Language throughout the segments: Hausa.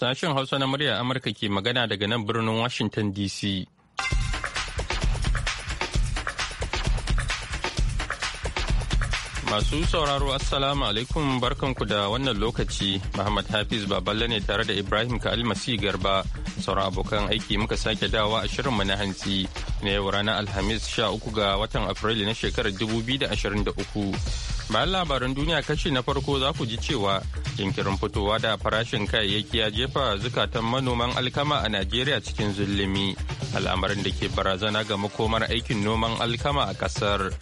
Sashen Hausa na murya Amurka ke magana daga nan birnin Washington DC. Masu sauraro Assalamu alaikum barkanku da wannan lokaci Muhammad Hafiz Baballe ne tare da Ibrahim Ka'al Masi Garba sauran abokan aiki muka sake dawa a shirin mu na hantsi na yau ranar Alhamis 13 ga watan Afrilu na shekarar 2023. Bayan labaran duniya kashi na farko za ku ji cewa jinkirin fitowa da farashin kayayyaki ya jefa zukatan manoman alkama a Najeriya cikin zulumi al'amarin da ke barazana ga makomar aikin noman alkama a kasar.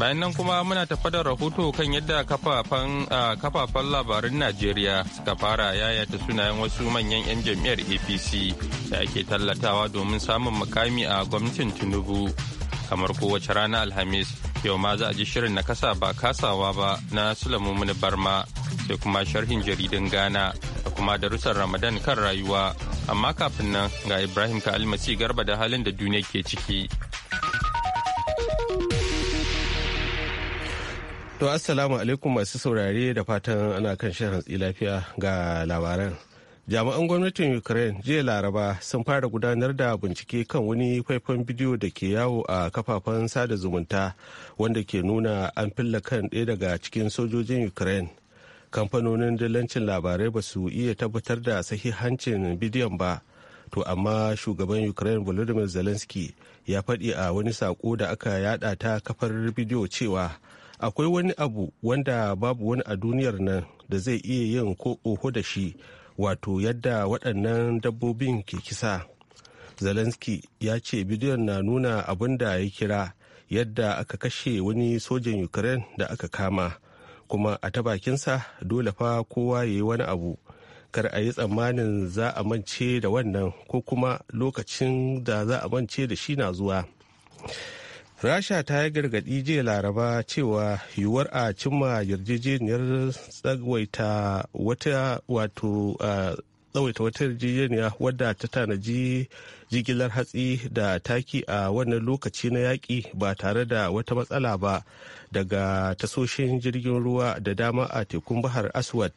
Bayan nan kuma muna tafa da rahoto kan yadda kafafen labarin Najeriya suka fara yayata sunayen wasu manyan 'yan jam'iyyar APC da ake tallatawa domin samun mukami a gwamnatin Tinubu kamar kowace rana Alhamis. Yau ma za a ji shirin na kasa ba kasawa ba na Sulaimu Barma sai kuma sharhin jaridin Ghana da kuma darussan Ramadan kan rayuwa. Amma kafin nan ga Ibrahim ka almasi garba da halin da duniya ke ciki. To Assalamu alaikum masu saurare da fatan ana kan shan hantsi lafiya ga labaran. jami'an gwamnatin ukraine jiya laraba sun fara gudanar da bincike kan wani faifan bidiyo da ke yawo a kafafen sada zumunta wanda ke nuna an filla kan ɗaya daga cikin sojojin ukraine kamfanonin dalancin labarai ba su iya tabbatar da sahihancin bidiyon ba to amma shugaban ukraine volodymyr zelensky ya faɗi a wani saƙo da aka yada ta kafar bidiyo cewa akwai wani abu wanda babu wani a duniyar nan da zai iya yin ko oho da shi wato yadda waɗannan dabbobin ke kisa zelensky ya ce bidiyon na nuna abin da ya kira yadda aka kashe wani sojan ukraine da aka kama kuma a ta bakinsa dole fa kowa ya yi wani abu kar a yi tsammanin za a mance da wannan ko kuma lokacin da za a mance da shi na zuwa rasha ta yi gargaɗi jiya laraba cewa yiwuwar a cimma yarjejeniyar wata wato tsawaita wata yarjejeniya wadda ta tanaji jigilar hatsi da taki a wannan lokaci na yaƙi ba tare da wata matsala ba daga tasoshin jirgin ruwa da dama a tekun bahar aswad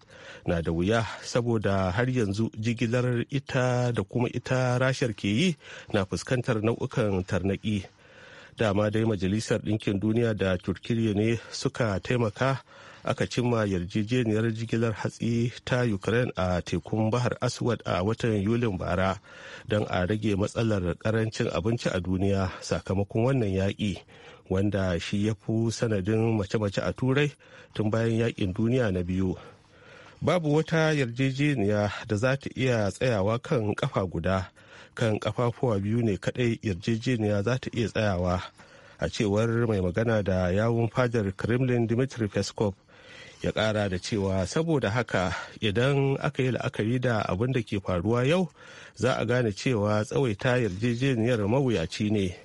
na da wuya saboda har yanzu jigilar ita da kuma ita rashar ke yi na fuskantar nau'ukan tarnaƙi dama dai majalisar ɗinkin duniya da turkiyya ne suka taimaka aka cimma yarjejeniyar jigilar hatsi ta ukraine a tekun bahar aswad a watan yulin bara don a rage matsalar karancin abinci a duniya sakamakon wannan yaƙi wanda shi ya fi sanadin mace-mace a turai tun bayan yaƙin duniya na biyu babu wata yarjejeniya da za ta iya tsayawa kan ƙafa guda kan kafafuwa biyu ne kadai yarjejeniya za ta iya tsayawa a cewar mai magana da yawun fadar kremlin dmitry peskov ya kara da cewa saboda haka idan aka yi la'akari da abin da ke faruwa yau za a gane cewa tsawaita yarjejeniyar mawuyaci ne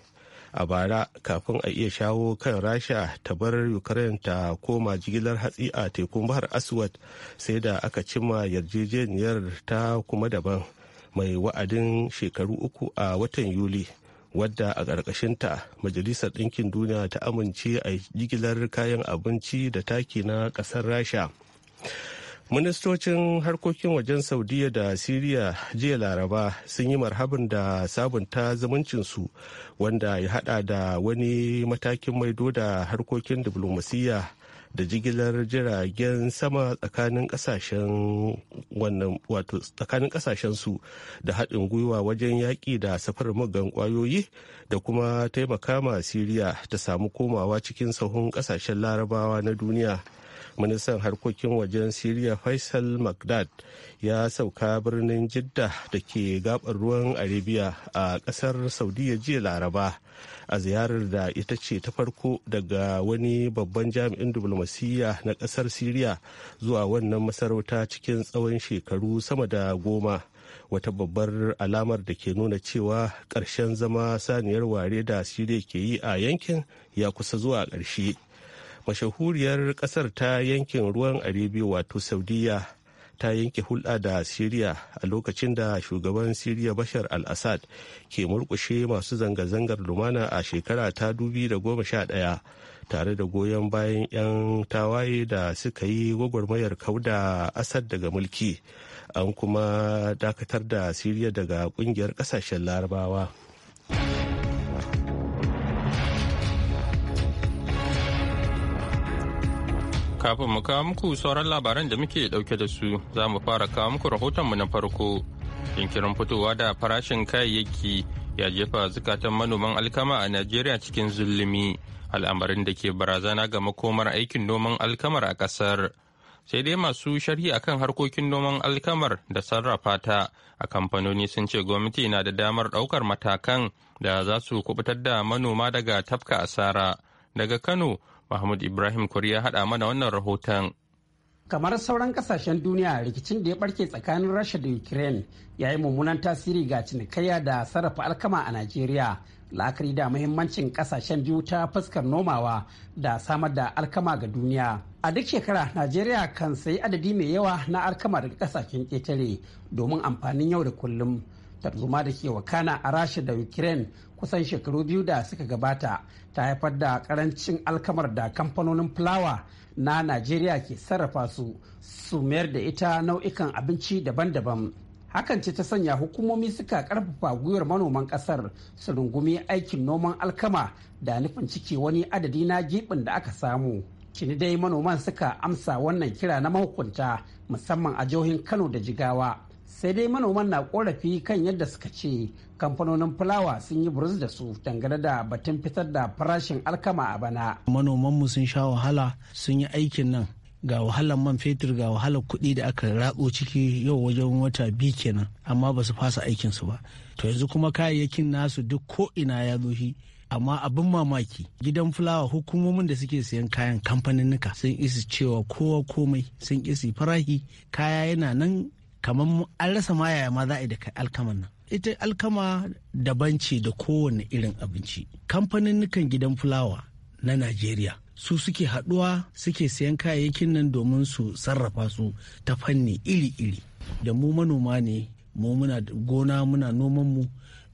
a bara kafin a iya shawo kan rasha ta bar ukraine ta koma jigilar hatsi a tekun bahar aswad sai da aka cima yarjejeniyar ta kuma daban mai wa'adin shekaru uku a watan yuli wadda a ƙarƙashinta majalisar ɗinkin duniya ta amince a jigilar kayan abinci da taki na ƙasar rasha ministocin harkokin wajen saudiya da siriya jiya laraba sun yi marhabin da sabunta zumuncinsu wanda ya hada da wani matakin maido da harkokin diflomasiyya da jigilar jiragen sama tsakanin kasashen wannan wato tsakanin kasashen su da haɗin gwiwa wajen yaƙi da safar mugan ƙwayoyi da kuma taimaka ma siriya ta samu komawa cikin sahun ƙasashen larabawa na duniya ministan harkokin wajen siriya faisal magdad ya sauka birnin jidda da ke gabar ruwan arabia a kasar saudiya jiya laraba a ziyarar da ita ce ta farko daga wani babban jami'in diplomasiyya na kasar siriya zuwa wannan masarauta cikin tsawon shekaru sama da goma wata babbar alamar da ke nuna cewa ƙarshen zama saniyar ware da siriya ke yi a yankin ya kusa zuwa ƙarshe mashahuriyar kasar ta yankin ruwan arabia wato saudiya ta yanke hulɗa da siriya a lokacin da shugaban siriya bashar al-assad ke murkushe masu zanga-zangar lumana a shekara ta dubi da goma sha 2011 tare da goyon bayan 'yan tawaye da suka yi gwagwarmayar kauda asad daga mulki an kuma dakatar da siriya daga kungiyar kasashen larabawa. Kafin mu kawo muku sauran labaran da muke dauke da su za mu fara kawo muku mu na farko. Jinkirin fitowa da farashin kayayyaki ya jefa zukatan manoman alkama a Najeriya cikin zulumi al'amarin da ke barazana ga makomar aikin noman alkamar a kasar. sai dai masu sharhi akan harkokin noman alkamar da sarrafa ta a kamfanoni sun ce gwamnati na da damar daukar matakan da za su kubutar da manoma daga tafka asara daga kano Mahmud Ibrahim Kuri ya haɗa mana wannan rahoton. Kamar sauran kasashen duniya rikicin da ya barke tsakanin Rasha da Ukraine ya yi mummunan tasiri ga cinikayya da sarrafa alkama a Najeriya. La'akari da muhimmancin kasashen biyu ta fuskar nomawa da samar da alkama ga duniya. A duk shekara Najeriya kan sayi adadi mai yawa na alkama daga kasashen ƙetare domin amfanin yau da kullum. tarzoma da ke wakana a rasha da ukraine kusan shekaru biyu da suka gabata ta haifar da karancin alkamar da kamfanonin fulawa na najeriya ke sarrafa su su mayar da ita nau'ikan abinci daban-daban hakan ce ta sanya hukumomi suka karfafa gwiwar manoman kasar su rungumi aikin noman alkama da nufin cike wani adadi na gibin da aka samu Cini dai manoman suka amsa wannan kira na mahukunta musamman a jihohin Kano da Jigawa sai dai manoman na korafi kan yadda suka ce kamfanonin fulawa sun yi burus da su dangane da batun fitar da farashin alkama a bana manomanmu sun sha wahala sun yi aikin nan ga wahalar man fetur ga wahalar kuɗi da aka ratso ciki yau wajen wata biyu kenan amma ba su fasa su ba to yanzu kuma kayayyakin nasu duk ko ina ya zo shi amma abin mamaki gidan fulawa hukumomin da suke sayan kayan kamfaninnika sun isi cewa kowa komai sun isi farahi kaya yana nan kamar an rasa ma yaya ma za a yi da alkaman nan ita alkama daban ce da kowane irin abinci kamfanin gidan fulawa na najeriya su suke haɗuwa suke sayan kayayyakin nan domin su sarrafa su ta fanni iri-iri da mu manoma ne mu muna gona muna noman mu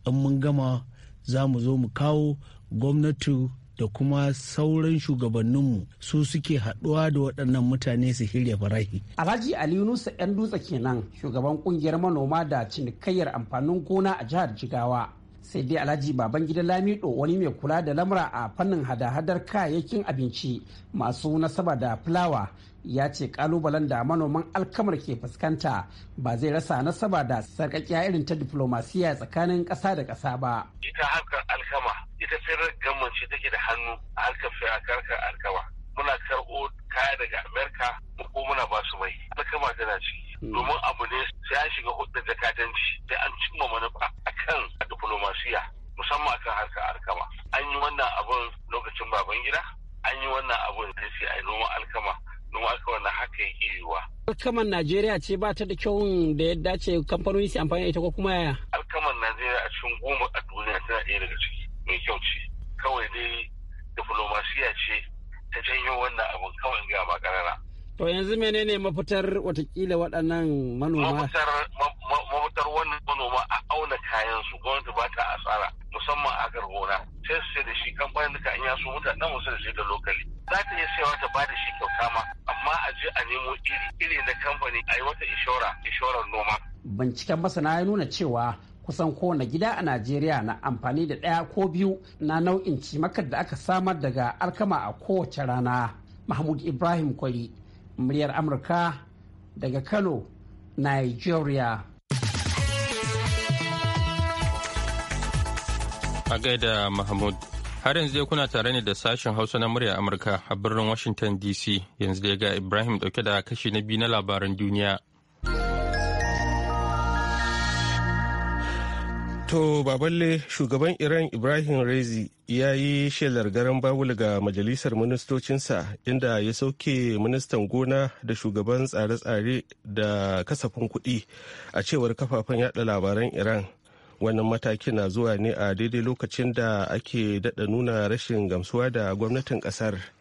in mun gama za mu zo mu kawo gwamnati da kuma sauran shugabanninmu su suke haɗuwa da waɗannan mutane su hirya farahi. Alhaji Ali Yunusa ‘yan dutse kenan shugaban kungiyar manoma da cinikayyar amfanin gona a jihar Jigawa. Sai dai Alhaji Babangida Lamido wani mai kula da lamura a fannin hada-hadar kayayyakin abinci masu nasaba da fulawa ya ce kalubalen da manoman alkamar ke fuskanta ba zai rasa nasaba da sarkakiya irin ta diplomasiya tsakanin ƙasa da ƙasa ba. Ita harkar alkama ita sirrin gamman ce take da hannu a harkar a harkar alkama muna karɓo kaya daga amerika ko muna ba su mai alkama tana ciki hmm. domin abu ne sai an shiga hudun jakadanci sai an cimma manufa a kan diplomasiya musamman a kan harkar alkama an yi wannan abun lokacin baban gida an yi wannan abun da sai a yi noman alkama noman alkama na haka yake yiwuwa. alkaman najeriya ce ba ta da kyau da ya dace kamfanoni su amfani da ita ko kuma yaya. alkaman najeriya a cikin goma a duniya tana ɗaya daga ciki mai kyau ce kawai dai diplomasiya ce ta janyo wannan abin kawai ga ba to yanzu menene mafitar watakila waɗannan manoma mafitar wannan manoma a auna kayan su gwamnati ba ta asara musamman a gargona sai su da shi kamfanin duka an yaso mutanen wasu da shi da lokali za ta iya sayawa ta ba da shi kyauta ma amma a je a nemo iri iri na kamfani a yi wata ishora ishorar noma binciken masana ya nuna cewa kusan kowane gida a najeriya na amfani da ɗaya ko biyu na nau'in cimakar da aka samar daga alkama a kowace rana mahmud ibrahim kwari muryar amurka daga kano nigeria a gaida mahmud har yanzu kuna tare ne da sashen hausa na murya amurka a birnin washington dc yanzu da ga ibrahim dauke da kashi na biyu na labaran duniya To baballe shugaban Iran Ibrahim Rezi ya yi shelar garan babul ga majalisar ministocinsa inda ya sauke ministan gona da shugaban tsare-tsare da kasafin kuɗi a cewar kafafen yada labaran Iran. Wannan mataki na zuwa ne a daidai lokacin da ake daɗa nuna rashin gamsuwa da gwamnatin ƙasar.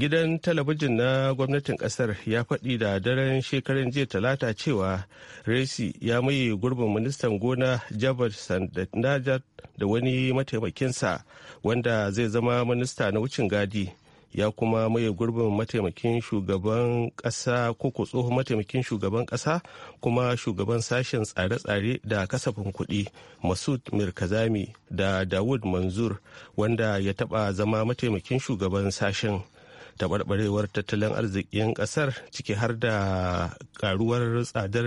gidan talabijin na gwamnatin kasar ya faɗi da daren shekarun jiya talata cewa resi ya maye gurbin ministan gona jabar sandanajar da wani mataimakinsa wanda zai zama minista na wucin gadi ya kuma maye gurbin mataimakin shugaban ƙasa koko tsohon mataimakin shugaban ƙasa kuma shugaban sashen tsare-tsare da kasafin kuɗi masud mirkazami da dawud manzur wanda ya taɓa zama mataimakin shugaban sashen taɓarɓarewar tattalin arzikin ƙasar ciki har da karuwar tsadar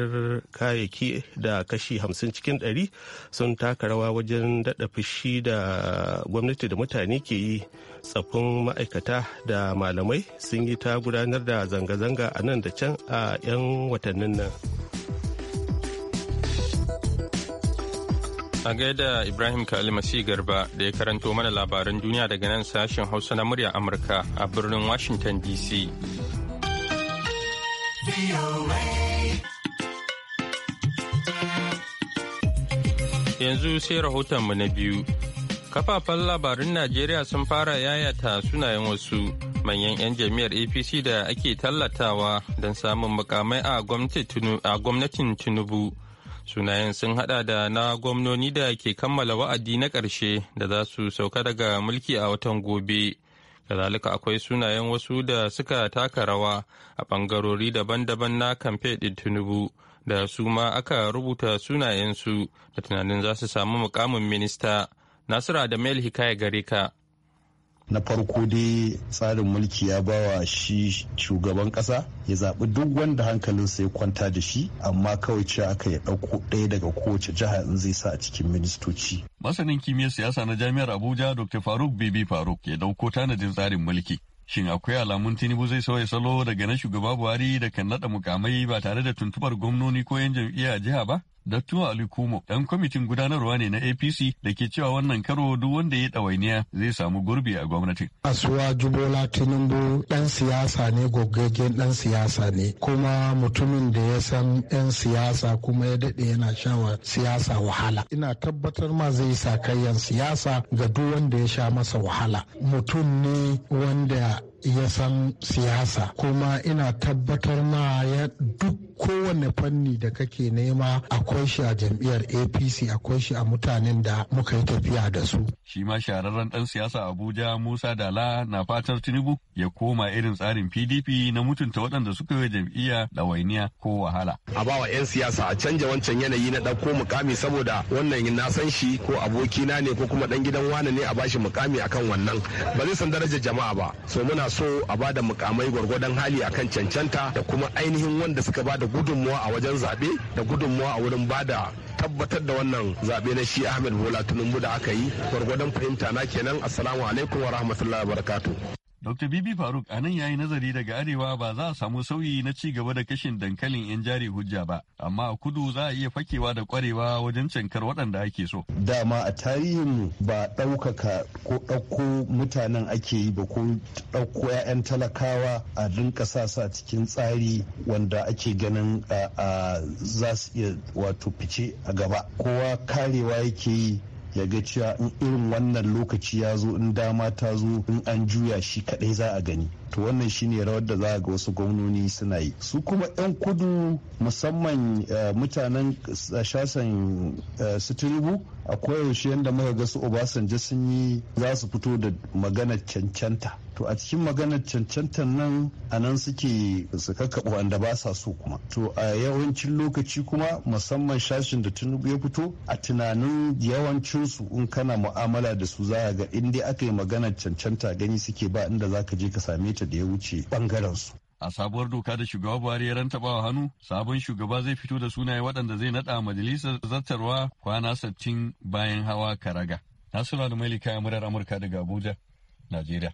kayayyaki da kashi hamsin cikin dari sun taka rawa wajen daɗa fushi da gwamnati da mutane ke yi tsaffin ma'aikata da malamai sun yi ta gudanar da zanga-zanga a nan da can a 'yan watannin nan. A gaida Ibrahim kalima Kalimasi Garba da ya karanto mana labaran duniya daga nan sashen Hausa na murya Amurka a birnin Washington DC. Yanzu sai rahotonmu na biyu. Kafafen labarin Najeriya sun fara yayata sunayen wasu manyan 'yan jami'ar APC da ake tallatawa don samun mukamai a gwamnatin Tinubu. Sunayen sun hada da na gwamnoni da ke kammala wa'adi na ƙarshe da za su sauka daga mulki a watan gobe. Kazalika akwai sunayen wasu da suka taka rawa a bangarori daban-daban na kamfe ɗin tunubu da su ma aka rubuta sunayensu da tunanin za su samu mukamin minista. Nasiru Adamu Hikaya gare ka. na farko dai tsarin mulki ya bawa shi shugaban kasa ya zaɓi duk wanda hankalinsa ya kwanta da shi amma kawai ce aka ya ɗauko ɗaya daga kowace jiha in zai sa a cikin ministoci. masanin kimiyyar siyasa na jami'ar abuja dr faruk bibi faruk ya ɗauko tanadin tsarin mulki Shin akwai alamun Tinubu zai sauya salo daga na shugaba Buhari da kan naɗa mukamai ba tare da tuntubar gwamnoni ko 'yan jam'iyya jiha ba? Dattuwa Ali Kumo ɗan kwamitin gudanarwa ne na APC da ke cewa wannan karo duk wanda ya ɗawainiya zai samu gurbi a gwamnatin. Asuwa Jubola Tinubu ɗan siyasa ne gogaggen ɗan siyasa ne kuma mutumin da ya san ɗan siyasa kuma ya daɗe yana shawa siyasa wahala. Ina tabbatar ma zai yi kayan siyasa ga duk wanda ya sha masa wahala. Mutum ne wanda ya san siyasa kuma ina tabbatar ma ya duk kowane fanni da kake nema akwai shi a jam'iyyar apc akwai shi a mutanen da muka yi tafiya da su shi ma shahararren dan siyasa abuja musa dala na fatar tinubu ya koma irin tsarin pdp na mutunta waɗanda suka yi jam'iyya wainiya ko wahala a bawa 'yan siyasa a canja wancan yanayi na ɗauko mukami saboda wannan na san shi ko abokina ne ko kuma ɗan gidan wane ne a bashi mukami akan wannan ba zai san darajar jama'a ba so muna so a bada mukamai gwargwadon hali a kan cancanta da kuma ainihin wanda suka bada gudunmuwa a wajen zaɓe da gudunmuwa a wurin bada tabbatar da wannan zaɓe na shi Ahmed Bola Tinubu da aka yi gwargwadon fahimta na kenan assalamu alaikum wa rahmatullahi wa Dr. Bibi Faruk a nan ya yi nazari daga arewa ba za a samu sauyi na ci gaba da kashin dankalin 'yan jari hujja ba, amma a kudu za a iya fakewa da kwarewa wajen cankar waɗanda ake so. Dama a tarihinmu ba ɗaukaka ko ɗauko mutanen ake yi ba ko ɗauko 'ya'yan talakawa a rinka sasa cikin tsari wanda ake ganin za su iya wato fice a gaba. Kowa karewa yake yi ya ga cewa in irin wannan lokaci ya zo in dama ta zo in an juya shi kadai za a gani to wannan shine rawar da za ga wasu gwamnoni suna yi su kuma 'yan kudu musamman eh, mutanen shasan eh, sitiribu akwai yaushe yadda muka ga su obasanjo sun yi za su fito da magana cancanta to a cikin maganar cancantar nan a nan suke su kakkaɓa wanda ba sa so kuma to a yawancin lokaci kuma musamman shashin da tunubu ya fito a tunanin yawancinsu in kana mu'amala da su za a ga in dai aka yi maganar cancanta gani suke ba inda za ka je ka same ta da ya wuce bangaren su a sabuwar doka da shugaba buhari ya rantabawa hannu sabon shugaba zai fito da sunaye waɗanda zai naɗa majalisar zartarwa kwana sattin bayan hawa karaga suna da mailika murar amurka daga abuja najeriya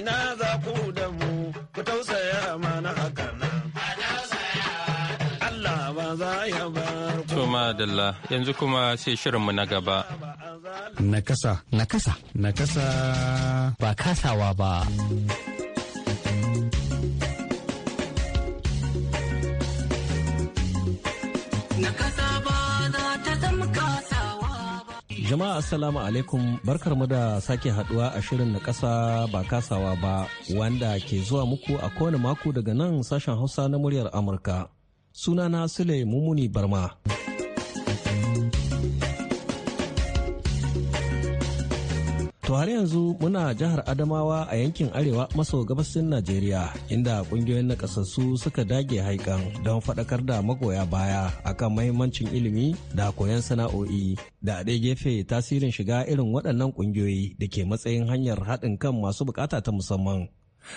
na za ku da mu ku tausaya mana hakan Allah ba za ya bar ku. Tuma Dalla yanzu kuma sai shirinmu na gaba. Nakasa. Nakasa. Nakasa. Ba kasawa ba. Jama'a Assalamu alaikum mu da sake haduwa a shirin na kasa ba kasawa ba wanda ke zuwa muku a kowane mako daga nan sashen Hausa na muryar Amurka. Sunana Sule Mumuni Barma. To har yanzu muna jihar Adamawa a yankin Arewa maso gabasin Najeriya inda kungiyoyin nakasassu suka dage haikan don faɗakar da magoya baya akan mahimmancin ilimi da koyon sana'o'i da a gefe tasirin shiga irin waɗannan kungiyoyi da ke matsayin hanyar haɗin kan masu bukata ta musamman.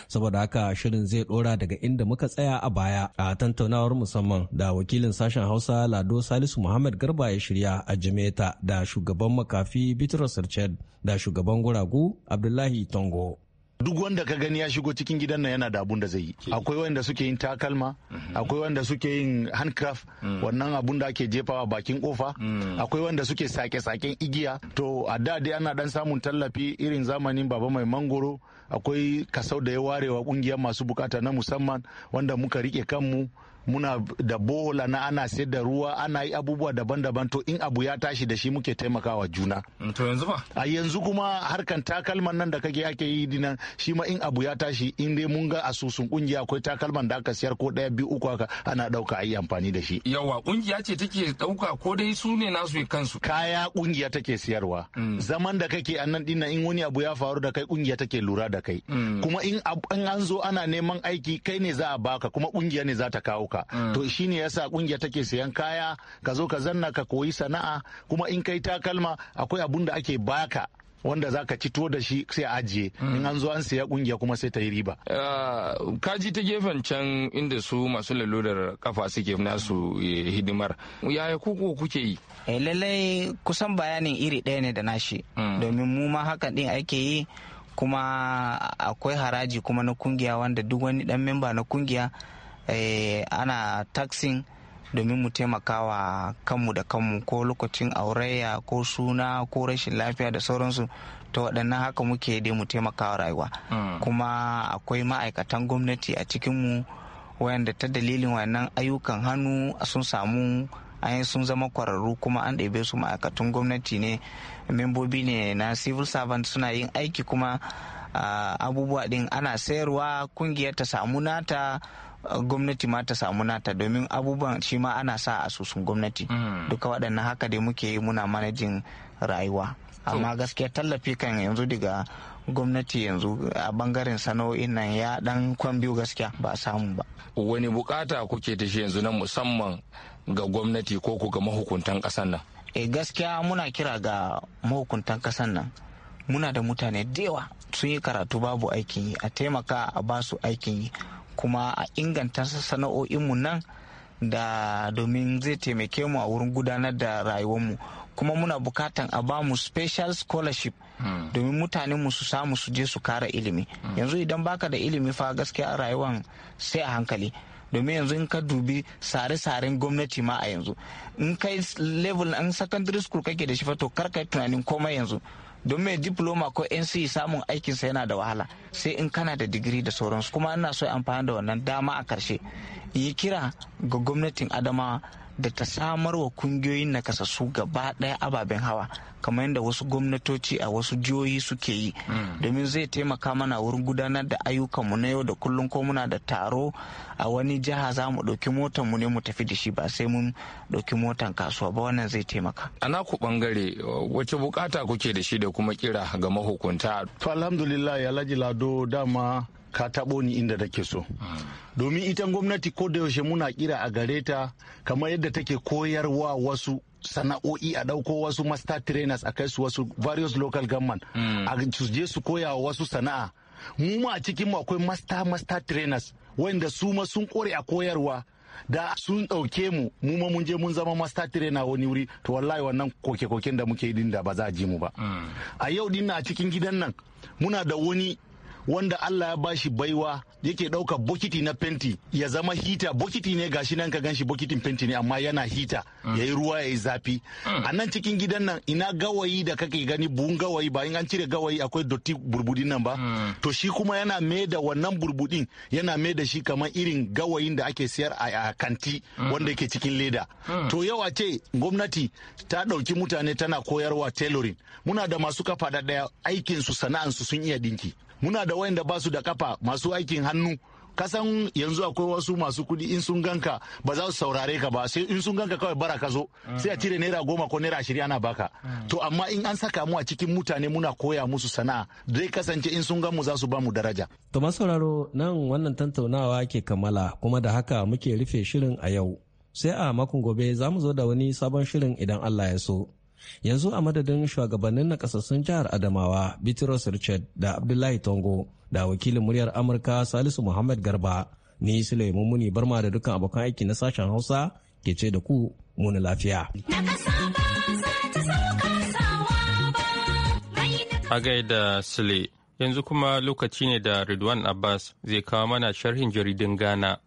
saboda haka shirin zai dora daga inda muka tsaya a baya a tantaunawar musamman da wakilin sashen hausa lado salisu muhammad garba ya shirya a jimeta da shugaban makafi bitrus richard da shugaban guragu abdullahi tongo duk wanda ka gani ya shigo cikin gidan nan yana da abun da zai yi akwai wanda suke yin takalma mhm. akwai wanda suke yin handcraft mm. wannan abun da ake jefawa bakin kofa mm. akwai wanda suke sake-saken igiya to a da dai ana dan samun tallafi irin zamanin baba mai mangoro akwai kasau da ya warewa kungiyar masu bukata na musamman wanda muka rike kanmu muna da bohola na ana sayar da ruwa ana yi abubuwa daban-daban to in abu ya tashi da shi muke taimakawa juna mm, to yanzu ba a yanzu kuma harkan takalman nan da kake ake yi dinan shi ma in abu ya tashi in dai mun ga asusun kungiya akwai takalman da aka siyar ko daya biyu uku haka ana dauka ayi amfani da shi yawa kungiya ce take dauka ko dai su ne nasu kansu kaya kungiya take siyarwa mm. zaman da kake nan dinnan in wani abu ya faru da kai kungiya take lura da kai mm. kuma in an zo ana neman aiki kai ne za a baka kuma kungiya ne za ta kawo ka ɗauka mm. to shine yasa kungiya take sayan kaya ka zo ka zanna ka koyi sana'a kuma in kai takalma akwai abun da ake baka wanda za ka cito da shi sai ajiye mm. in an zo an siya kungiya kuma sai ta yi riba. Uh, kaji ta gefen can inda su masu lalurar kafa suke nasu eh, hidimar yaya kuku kuke yi. Eh, lallai kusan bayanin iri ɗaya ne da nashi mm. domin mu ma hakan ɗin ake yi kuma akwai haraji kuma na kungiya wanda duk wani ɗan memba na kungiya Eh, ana taxing domin mu taimakawa kanmu da kanmu ko lokacin aurayya ko suna ko rashin lafiya da sauransu ta waɗannan haka muke dai mu taimakawa rayuwa mm. kuma akwai ma'aikatan gwamnati a cikinmu wayanda ta dalilin wayannan ayyukan hannu sun samu an sun zama kwararru kuma an ɗebe su ma'aikatan gwamnati ne membobi ne na civil servant suna yin aiki kuma ah, abubuwa ɗin ana sayarwa ƙungiyar ta samu nata Uh, gwamnati ma ta samu nata domin abubuwan shi ma ana sa a asusun gwamnati mm. duka waɗannan haka dai muke yi muna manajin rayuwa amma gaskiya tallafi kan yanzu daga gwamnati yanzu a bangaren sana'o'in nan ya dan kwan biyu gaskiya ba samu ba wani bukata kuke ta shi yanzu na musamman ga gwamnati ko ku ga mahukuntan kasan nan e gaskiya muna kira ga mahukuntan kasan nan muna da mutane da yawa sun yi karatu babu aikin yi a taimaka a basu aikin yi kuma a inganta sana'o'inmu nan da domin zai taimake mu a wurin gudanar da rayuwarmu kuma muna bukatan a bamu special scholarship hmm. domin mutane mu su samu su je su kara ilimi hmm. yanzu idan baka da ilimi fa gaskiya rayuwan sai a hankali domin yanzu in ka dubi sare-saren gwamnati ma a yanzu in kai level an secondary school kake da shi fato kar kai tunanin komai yanzu don mai diploma ko nc e samun aikinsa yana da wahala sai in kana da digiri da sauransu kuma ina so amfani da wannan dama a karshe yi kira ga gwamnatin adamawa da ta samar wa kungiyoyin nakasassu gaba ɗaya ababen hawa kamar yadda wasu gwamnatoci a wasu jihohi suke yi mm. domin zai taimaka mana wurin gudanar da ayyukanmu na yau da kullum ko muna da taro a wani jiha za mu ɗauki motar mu ne mu tafi da shi ba sai mun ɗauki motan kasuwa ba wannan zai taimaka. a naku bangare wace bukata kuke da shi da kuma kira ga mahukunta. to alhamdulillah alhaji lado dama ka taɓo ni inda take so domin ita gwamnati ko da yaushe muna kira a gare ta kamar yadda take koyarwa wasu sana'o'i a ɗauko wasu master trainers a kai su wasu various local government hmm. a je su koya wasu sana'a mu ma a cikin mu akwai master master trainers wanda su ma sun kore a koyarwa da sun ɗauke mu mu ma mun je mun zama master trainer wani wuri to wallahi wannan koke-koken da muke yi da ba za a ji mu ba hmm. a yau din a cikin gidan nan muna da wani wanda Allah ya bashi baiwa yake ɗauka bokiti na fenti ya zama hita bokiti ne ga shi nan ka ganshi bokitin fenti ne amma yana hita mm. Yayi ruwa yayi zafi mm. a nan cikin gidan nan ina gawayi da kake gani buhun gawayi ba in an cire gawayi akwai dotti burbudin nan ba mm. to shi kuma yana mai da wannan burbudin yana mai da shi kamar irin gawayin da ake siyar a kanti wanda yake cikin leda to yawa ce gwamnati ta ɗauki mutane tana koyarwa tailoring muna da masu kafa da ɗaya aikinsu sana'ansu sun iya dinki muna da wayanda ba su da kafa masu aikin hannu kasan yanzu akwai wasu masu kudi in sun ganka ba za su saurare ka ba sai in sun ganka kawai bara ka zo sai a cire naira goma ko naira ashirin ana baka to amma in an saka mu a cikin mutane muna koya musu sana'a zai kasance in sun gan mu za su ba mu daraja. to sauraro nan wannan tantaunawa ke kammala kuma da haka muke rufe shirin a yau sai a makon gobe za mu zo da wani sabon shirin idan allah ya so yanzu a madadin shugabannin nakasassun jihar adamawa bitrus richard da abdullahi tongo da wakilin muryar amurka salisu muhammad garba ni sulaiman muni barma da dukkan abokan aiki na sashen hausa ke ce da ku muni lafiya a gaida sule yanzu kuma lokaci ne da ridwan abbas zai kawo mana sharhin jaridin ghana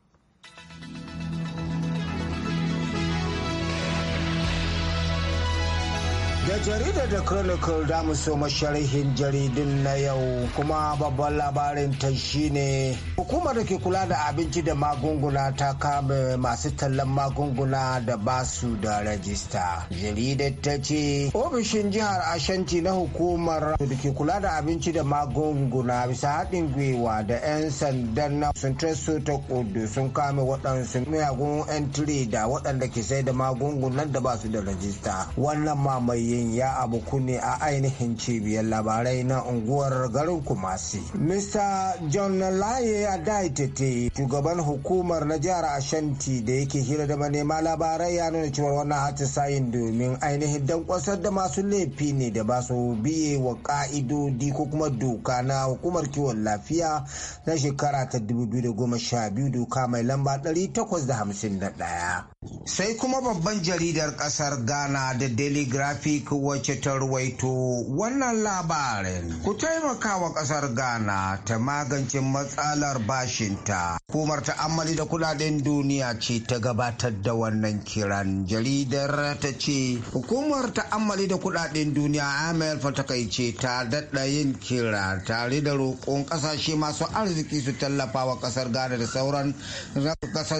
Da jaridar da Chronicle da muso sharhin jaridun na yau kuma babban labarin ta shine hukumar da ke kula da abinci da magunguna ta kama masu tallan magunguna da basu da rajista. Jaridar ta ce ofishin jihar Ashanti na hukumar da ke kula da abinci da magunguna bisa haɗin gwiwa da 'yan sandan na sun taso ta kudu sun kame waɗansu miyagun 'yan da waɗanda ke sai da magungunan da basu da rajista. Wannan mamaye lamarin ya abu ne a ainihin cibiyar labarai na unguwar garin kumasi mr john laye adaitete shugaban hukumar na jihar ashanti da yake hira da manema labarai ya nuna cewa wannan atisayin domin ainihin dan kwasar da masu laifi ne da ba su biye wa ka'idodi ko kuma doka na hukumar kiwon lafiya na shekara ta 2012 doka mai lamba 851 sai kuma babban jaridar kasar ghana da daily graphic League wacce ta ruwaito wannan labarin. Ku taimaka wa ƙasar Ghana ta magance matsalar bashinta. Hukumar ta'ammali da kudaden duniya ce ta gabatar da wannan kiran. Jaridar ta ce, Hukumar ta'ammali da kudaden duniya Amel ta ce ta daɗa yin kira tare da roƙon ƙasashe masu arziki su tallafa wa ƙasar Ghana da sauran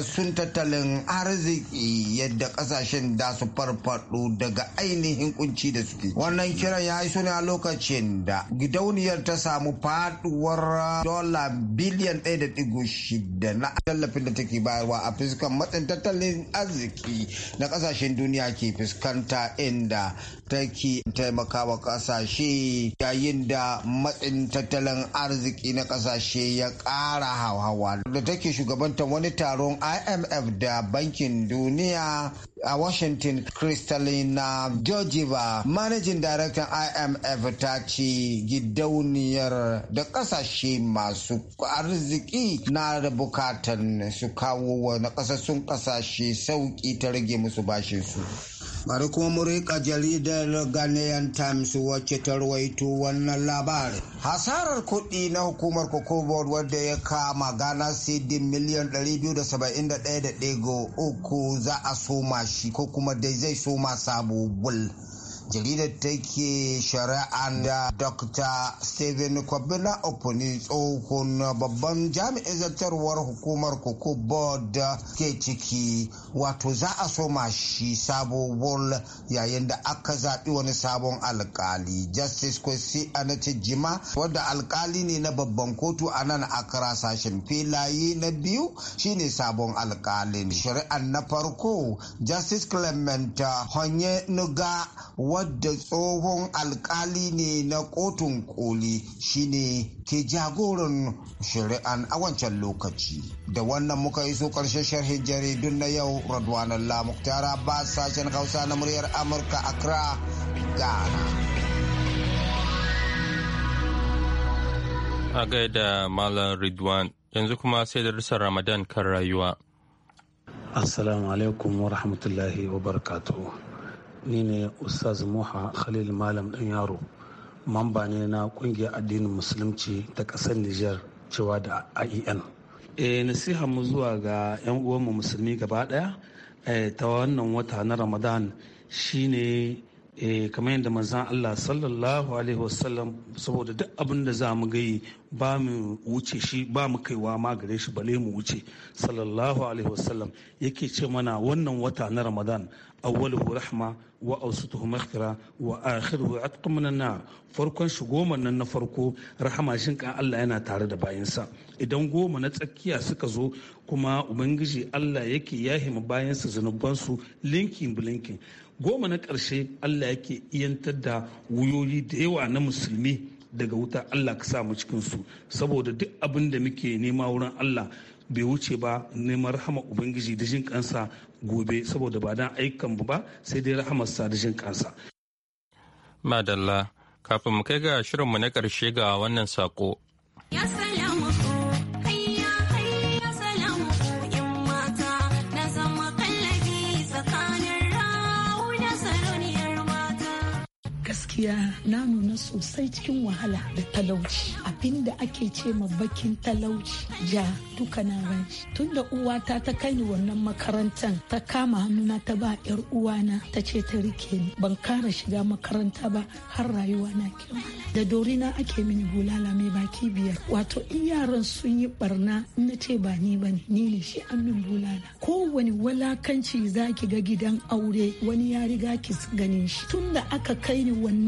sun tattalin arziki yadda ƙasashen da su farfaɗo daga ainihin da suke wannan kiran ya iso ne a lokacin da gidauniyar ta samu faduwar dola biliyan ɗaya da digo shida na tallafin da take bayarwa a fuskan matsin tattalin arziki na kasashen duniya ke fuskanta inda take taimakawa kasashe yayin da matsin tattalin arziki na kasashe ya kara hauhawa da take shugabantar wani taron imf da bankin duniya a washington kristalina georgieva managing director imf ta ce gidauniyar da kasashe masu arziki na da bukatan su kawo wa na kasassun kasashe sauki ta rage musu bashin su. bari kuma mu rika jaridar ghanaian times wacce ta rawaito wannan labarin hasarar kuɗi na hukumar kokobor wadda ya kama ghana cedi miliyan 271.3 za a soma shi ko kuma dai zai soma sabu bul jaridar take shari'an da dr steven kwabena oponi tsohon babban jami'in zartarwar hukumar koko board ke ciki wato za a soma shi wall yayin da aka zaɓi wani sabon alkali justice kwesi anace jima wadda alkali ne na babban kotu a nan akara sashen filaye na biyu shine sabon alkalin shari'an na farko justice clement honye nuga wadda tsohon alkali ne na kotun koli shine ke jagoran shari'an a wancan lokaci da wannan muka yi su karshen sharhin jaridun na yau radwanan lamuktara ba sashen hausa na muryar amurka accra ghana a gaida Malam Ridwan yanzu kuma sai darussan Ramadan kan rayuwa. Assalamu alaikum wa rahmatullahi wa barakatuhu. ni ne ustaz muha khalil malam dan yaro mamba ne na kungiyar addinin musulunci ta ƙasar niger cewa da ien e eh, nasiha mu zuwa ga 'yan uwanmu musulmi gaba daya eh, ta wannan wata na ramadan shine e kamar yadda manzon allah sallallahu alaihi wasallam saboda duk abin da za mu gai ba mu wuce shi ba mu kaiwa ma gare shi bale mu wuce sallallahu alaihi wasallam yake ce mana wannan wata na ramadan awwaluhu rahma wa awsatuhu maghfira wa akhiruhu atqun minan nar farkon shi goma nan na farko rahama shin Allah yana tare da bayansa idan goma na tsakiya suka zo kuma ubangiji Allah yake yahima bayansa zanubansu linkin bilinkin goma na ƙarshe Allah yake iyantar da wuyoyi da yawa na musulmi daga wuta Allah ka sa mu cikin su saboda duk abin da muke nema wurin Allah bai wuce ba neman rahama ubangiji da jin kansa gobe saboda ba dan aikan ba sai dai rahamar sadishin jin kansa madalla kafin mu kai ga shirinmu na ƙarshe ga wannan saƙo. Yes, gaskiya na nuna sosai cikin wahala da talauci abinda ake ce ma bakin talauci ja duka na ranci tunda uwata ta kai ni wannan makarantar ta kama hannuna ta ba yar uwana ta ce ta rike ni ban kara shiga makaranta ba har rayuwa na kyau da dorina ake mini bulala mai baki biyar wato in yaran sun yi barna na ce ba ni ba ni ne shi an min bulala kowane walakanci zaki ga gidan aure wani ya riga ki ganin shi tunda aka kai ni wannan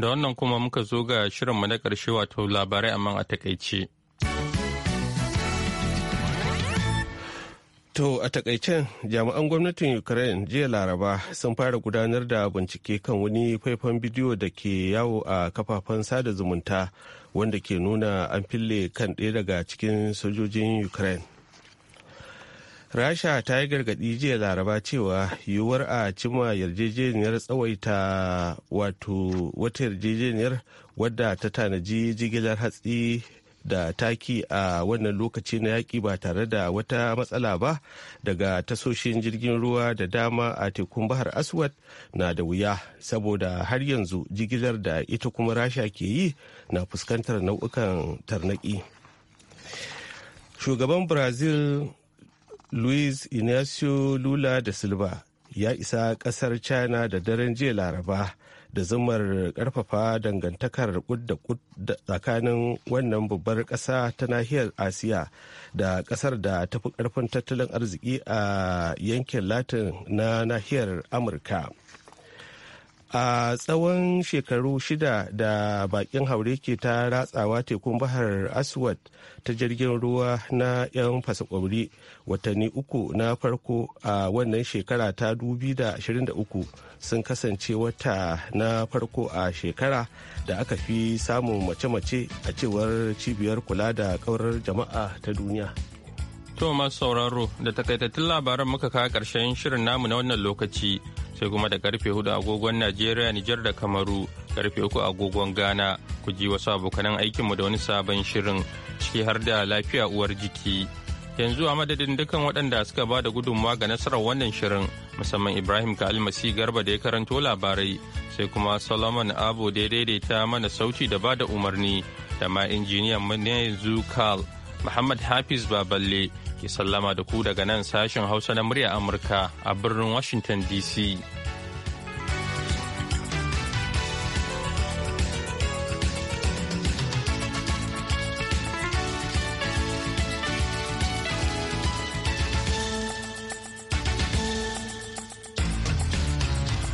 Da wannan kuma muka zo ga shirinmu na ƙarshe wato labarai amma a takaice. To a takaicen jami'an gwamnatin Ukraine jiya Laraba sun fara gudanar da bincike kan wani faifan bidiyo da ke yawo a kafafen sada zumunta wanda ke nuna an fille kan ɗaya daga cikin sojojin Ukraine. rasha ta yi gargaɗi jiya laraba cewa yiwuwar a cima yarjejeniyar tsawaita wato wata yarjejeniyar wadda ta tanaji jigilar hatsi da taki a wannan lokaci na yaƙi ba tare da wata matsala ba daga tasoshin jirgin ruwa da dama a tekun bahar aswad na da wuya saboda har yanzu jigilar da ita kuma rasha ke yi na fuskantar nau'ukan tarnaƙi shugaban brazil luis inacio lula da silva ya isa kasar china da daren jiya laraba da zumar karfafa dangantakar kud da tsakanin wannan babbar kasa ta nahiyar asiya da kasar da ta fi karfin tattalin arziki a yankin latin na nahiyar amurka a tsawon shekaru shida da bakin haure ke ta ratsawa tekun bahar aswad ta jirgin ruwa na 'yan fasakwauri watanni uku na farko a wannan shekara ta 2023 sun kasance wata na farko a shekara da aka fi samun mace-mace a cewar cibiyar kula da kaurar jama'a ta duniya to masu sauraro da takaitattun labaran muka kawo karshen shirin namu na wannan lokaci sai kuma da karfe hudu agogon Najeriya, Nijar da Kamaru, karfe uku agogon Ghana, ku ji wasu abokanan aikinmu da wani sabon shirin ciki har da lafiya uwar jiki. Yanzu a madadin dukan waɗanda suka ba da gudunmawa ga nasarar wannan shirin, musamman Ibrahim Kalmasi Garba da ya karanto labarai, sai kuma Solomon Abo da ya daidaita mana sauci da ba da umarni, da ma injiniyan mu ne yanzu Carl Muhammad Hafiz Baballe. sallama da ku daga nan sashen Hausa na murya Amurka a birnin Washington DC.